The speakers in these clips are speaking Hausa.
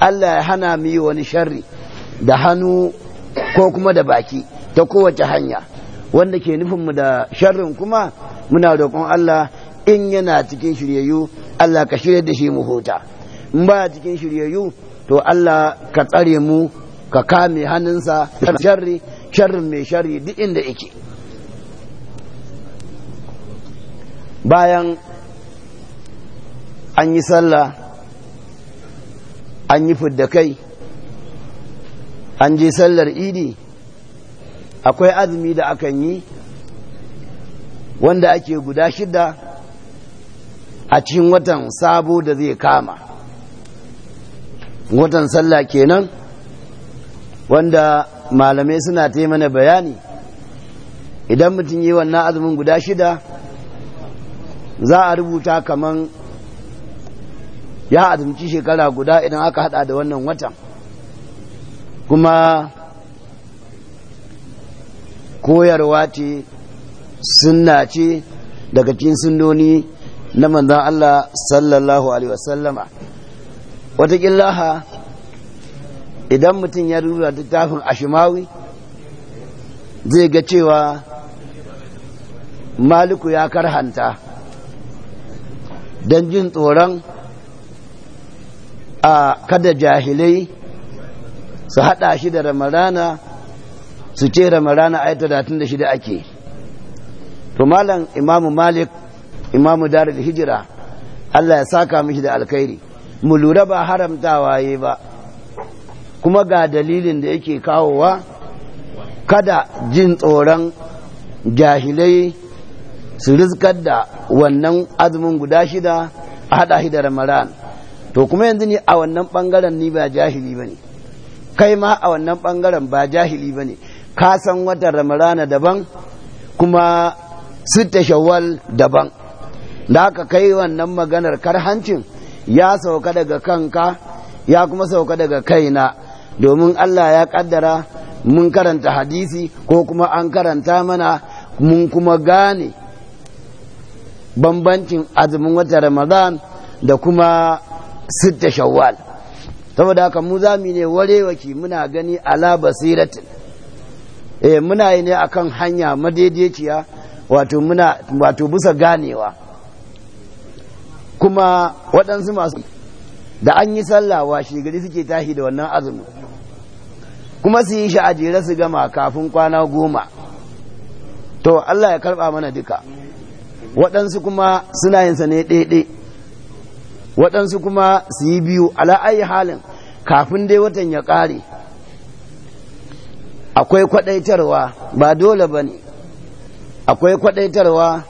Allah ya hana mu yi wani sharri da hannu ko kuma da baki ta kowace hanya wanda ke nufinmu da sharrin kuma muna roƙon Allah in yana cikin shiryayyu Allah ka shirya da shi mu huta in ba cikin shiryayyu to Allah ka tsare mu ka kame hannunsa sharri sharrin mai sharri duk inda yake bayan an yi sallah an yi fidda kai an je sallar idi akwai azumi da akan yi wanda ake guda shida a cikin watan sabo da zai kama watan sallah kenan wanda malamai suna ta mana bayani idan mutum yi wannan azumin guda shida za a rubuta kaman ya azumci shekara guda idan aka hada da wannan watan kuma koyarwa ce sunna ce daga cikin sunnoni na manzan Allah sallallahu alaihi wasallama wataƙillaha idan mutum ya rubuta littafin ashimawi zai ga cewa maliku ya karhanta don jin tsoron a kada jahilai su hada shi da ramarana su ce ramarana ai talatin da shida ake to malam imamu malik imamu darul hijira Allah ya saka mishi da alkhairi mu lura ba haramta waye ba kuma ga dalilin da yake kawowa kada jin tsoron jahilai su rizkar da wannan azumin guda shida a hada shi da ramadan to kuma yanzu ni a wannan bangaren ni ba jahili ba ne. kai ma a wannan bangaren ba jahili bane ka san wata ramadana daban kuma sitta shawal daban da aka kai wannan maganar karhancin ya sauka daga kanka ya kuma sauka daga kaina domin Allah ya kaddara mun karanta hadisi ko kuma an karanta mana mun kuma gane bambancin azumin wata ramadan da kuma sitta shawwal saboda haka mu za mu ne warewaki muna gani ala basiratin eh muna yi ne akan hanya madaidaiciya wato muna wato busa ganewa kuma waɗansu masu da an yi sallah shi gari suke tashi da wannan azumi kuma su yi shi a jere su gama kafin kwana goma to Allah ya karba mana duka waɗansu kuma suna yin sa ne ɗaiɗai waɗansu kuma su yi biyu ala ayi halin kafin dai watan ya ƙare akwai kwaɗaitarwa ba dole ba ne akwai kwaɗaitarwa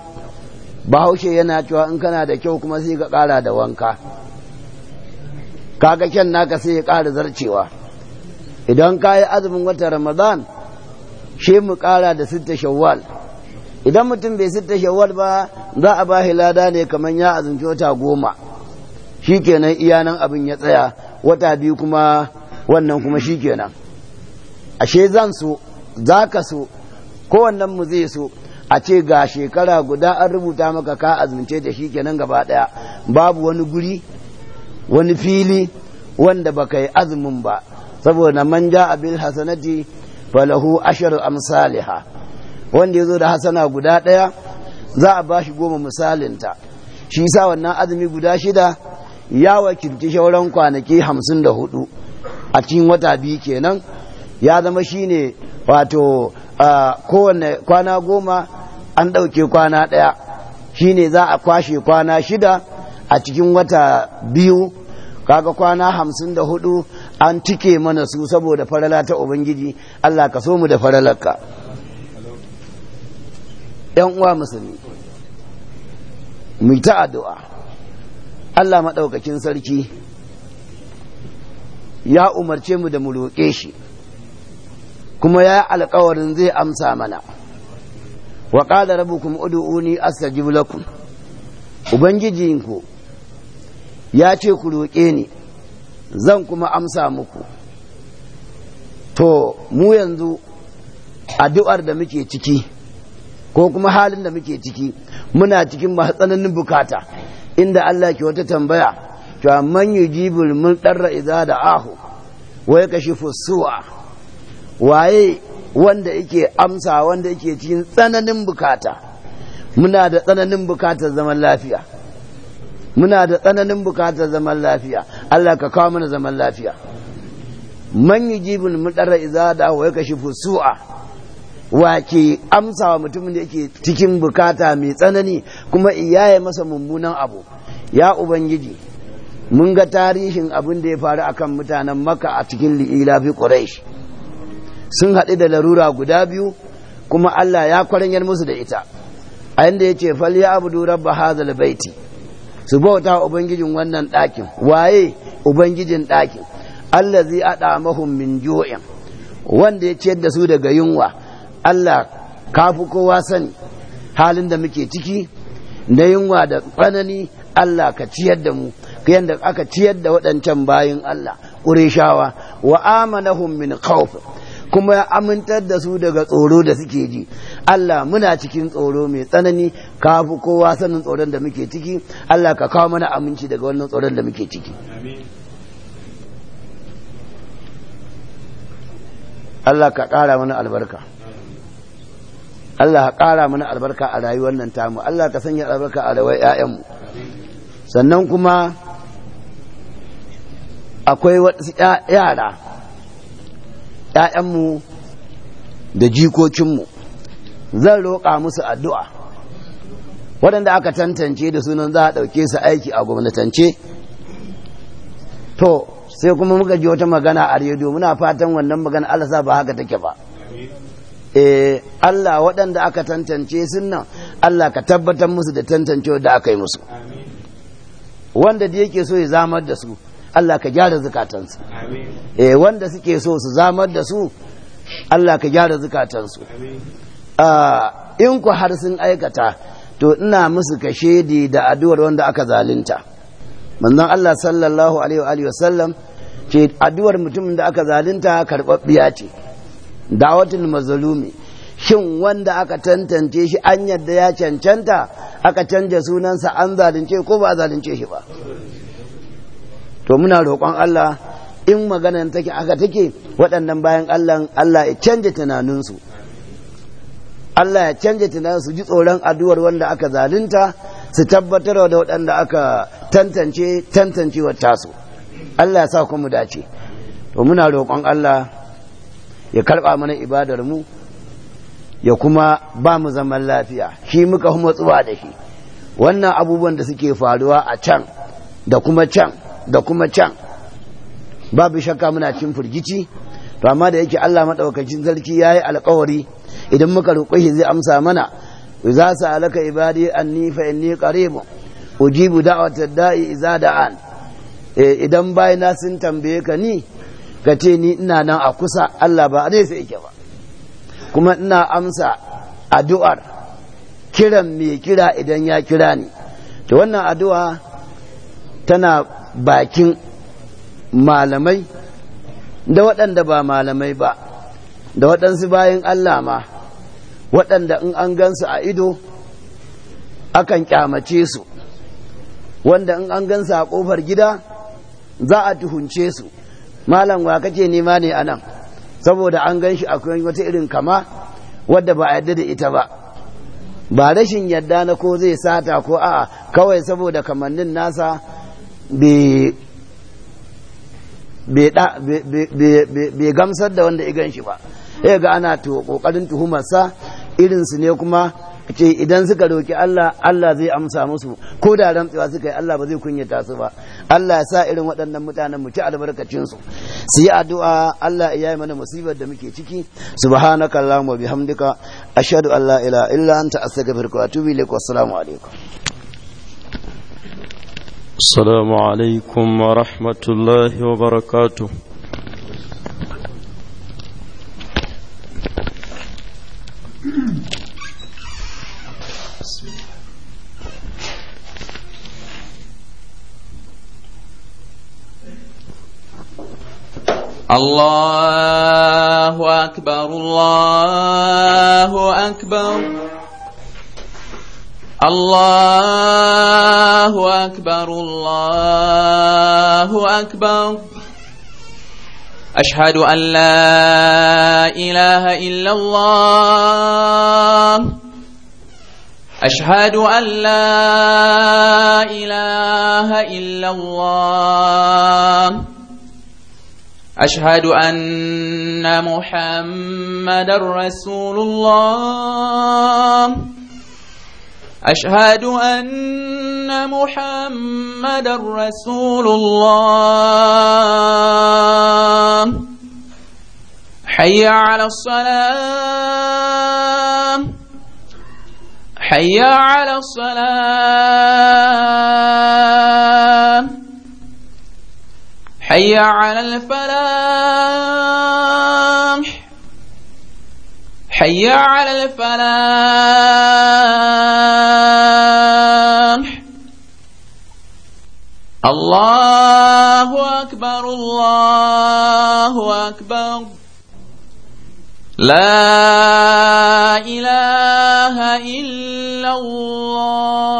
bahaushe yana cewa in kana da kyau kuma sai ka ƙara da wanka kaga kyan naka sai ya ƙara zarcewa idan ka yi azumin wata ramadan shi mu ƙara da sitta shawwal idan mutum bai sitta shawwal ba za a ba lada ne kamar ya azumci wata goma shi kenan iyanan abin ya tsaya wata biyu kuma wannan kuma kenan ashe zan so za ka so kowannen mu zai so a ce ga shekara guda an rubuta maka ka azumce da shikenan gaba daya babu wani guri wani fili wanda baka yi azumin ba saboda manja ja abil hasanati falahu ashar amsaliha wanda ya zo da hasana guda ɗaya za a ba shi goma misalinta shi sa wannan azumi guda shida ya wakilci shauran kwanaki hamsin da hudu a cikin wata biyu kenan ya zama shine wato kowane kwana goma an ɗauke kwana ɗaya shine za a kwashe kwana shida a cikin wata biyu kaga kwana hamsin da hudu an tike mana su saboda farala ta ubangiji allah ka so mu da faralarka yan uwa musulmi mu ta addu'a Allah maɗaukakin sarki ya umarce mu da mu roƙe shi kuma ya yi alkawarin zai amsa mana wa ƙada rabukum ud'uni astajib lakum ubangijinku ya ce ku roƙe ni zan kuma amsa muku to mu yanzu addu'ar da muke ciki ko kuma halin da muke ciki muna cikin masu tsananin bukata inda Allah ke wata tambaya to man yujibul mudarra idza da'ahu wa yakashifu su'a waye wanda yake amsa wanda yake cikin tsananin bukata muna da tsananin bukatar zaman lafiya muna da tsananin bukatar zaman lafiya Allah ka kawo mana zaman lafiya man yujibul mudarra idza da'ahu wa yakashifu su'a wake amsawa mutumin da yake cikin bukata mai tsanani kuma iyaye masa mummunan abu ya ubangiji mun ga tarihin abin da ya faru a kan mutanen maka a cikin li'ila fi quraish sun haɗu da larura guda biyu kuma Allah ya kwaranyar musu da ita a inda ya ce fal ya abudu rabba hazal baiti su bauta ubangijin wannan ɗakin waye ubangijin ɗakin Allah allazi adamahum min ju'in wanda ya ciyar da su daga yunwa Allah kafi kowa sani halin da muke ciki na yunwa da tsanani Allah ka ciyar da mu yadda aka ciyar da waɗancan bayan Allah ƙureshawa wa amanahum min khawf kuma ya amintar da su daga tsoro da suke ji Allah muna cikin tsoro mai tsanani ka fi kowa sanin tsoron da muke ciki Allah ka kawo mana aminci daga wannan tsoron da muke ciki Allah ka ƙara mana albarka Allah ka ƙara mana albarka a rayuwar nan tamu Allah ka sanya albarka a rayuwar ƴaƴanmu sannan kuma akwai wasu yara ƴaƴanmu da jikokinmu zan roƙa musu addu'a waɗanda aka tantance da sunan za a ɗauke su aiki a gwamnatance to sai kuma muka ji wata magana a rediyo muna fatan wannan magana Allah sa ba haka take ba Eh, Allah waɗanda aka tantance sun Allah ka tabbatar musu da tantancewa da aka yi musu wanda da yake so ya zamar da su Allah ka gyara zukatansu eh, wanda suke so su zamar da su Allah ka gyara zukatansu ah, in ku har sun aikata to ina musu kashe da addu'ar wanda aka zalunta manzon Allah sallallahu alaihi wa sallam ce addu'ar mutumin da aka zalunta karɓaɓɓiya ce dawatul mazlumi shin wanda aka tantance shi an yadda ya cancanta aka canja sunansa an zalunce ko ba zalunce shi ba to muna roƙon Allah in maganar take aka take waɗannan bayan Allah Allah ya canja tunaninsu Allah ya canja su ji tsoron addu'ar wanda aka zalunta su tabbatar da waɗanda aka tantance tantancewar tasu Allah ya sa mu dace to muna roƙon Allah ya karɓa mana ibadar mu ya kuma ba mu zaman lafiya shi muka kuma tsuwa da shi wannan abubuwan da suke faruwa a can da kuma can da kuma can babu shakka muna cin firgici to amma da yake Allah madaukakin sarki yayi alƙawari idan muka roƙe shi zai amsa mana za su alaka ibadi anni fa inni qarib ujibu da'watad da'i izada an. Eh, idan bayina sun tambaye ka ni ga ce ni ina nan a kusa Allah ba zai sai yake ba kuma ina amsa addu'ar kiran mai kira idan ya kira ni to wannan addu'a tana bakin malamai da waɗanda ba malamai ba da waɗansu bayan Allah ma waɗanda in an gansu a ido akan kyamace su wanda in an gansu a ƙofar gida za a tuhunce su malam wa kake nema ne anan saboda an ganshi shi akwai wata irin kama wadda ba a yadda da ita ba ba rashin yadda na ko zai sata ko a'a kawai saboda kamannin nasa bai gamsar da wanda ya gan shi ba ya ga ana kokarin tuhumarsa irinsu ne kuma ce idan suka roki Allah Allah zai amsa musu ko da rantsewa suka yi Allah ba zai kunyata su ba Allah ya sa irin waɗannan mutanen mu ci albarkacin su su yi addu'a Allah ya yi mana musibar da muke ciki subhanaka allahumma bihamdika ashhadu an la ilaha illa anta astaghfiruka wa atubu ilaik wassalamu alaikum السلام عليكم ورحمة الله وبركاته بسم الله الله أكبر الله أكبر الله أكبر الله أكبر أشهد أن لا إله إلا الله أشهد أن لا إله إلا الله أشهد أن محمد رسول الله أشهد أن محمد رسول الله حي على الصلاة حي على الصلاة حي على الفلاح حي على الفلاح الله أكبر الله أكبر لا لا إله إلا الله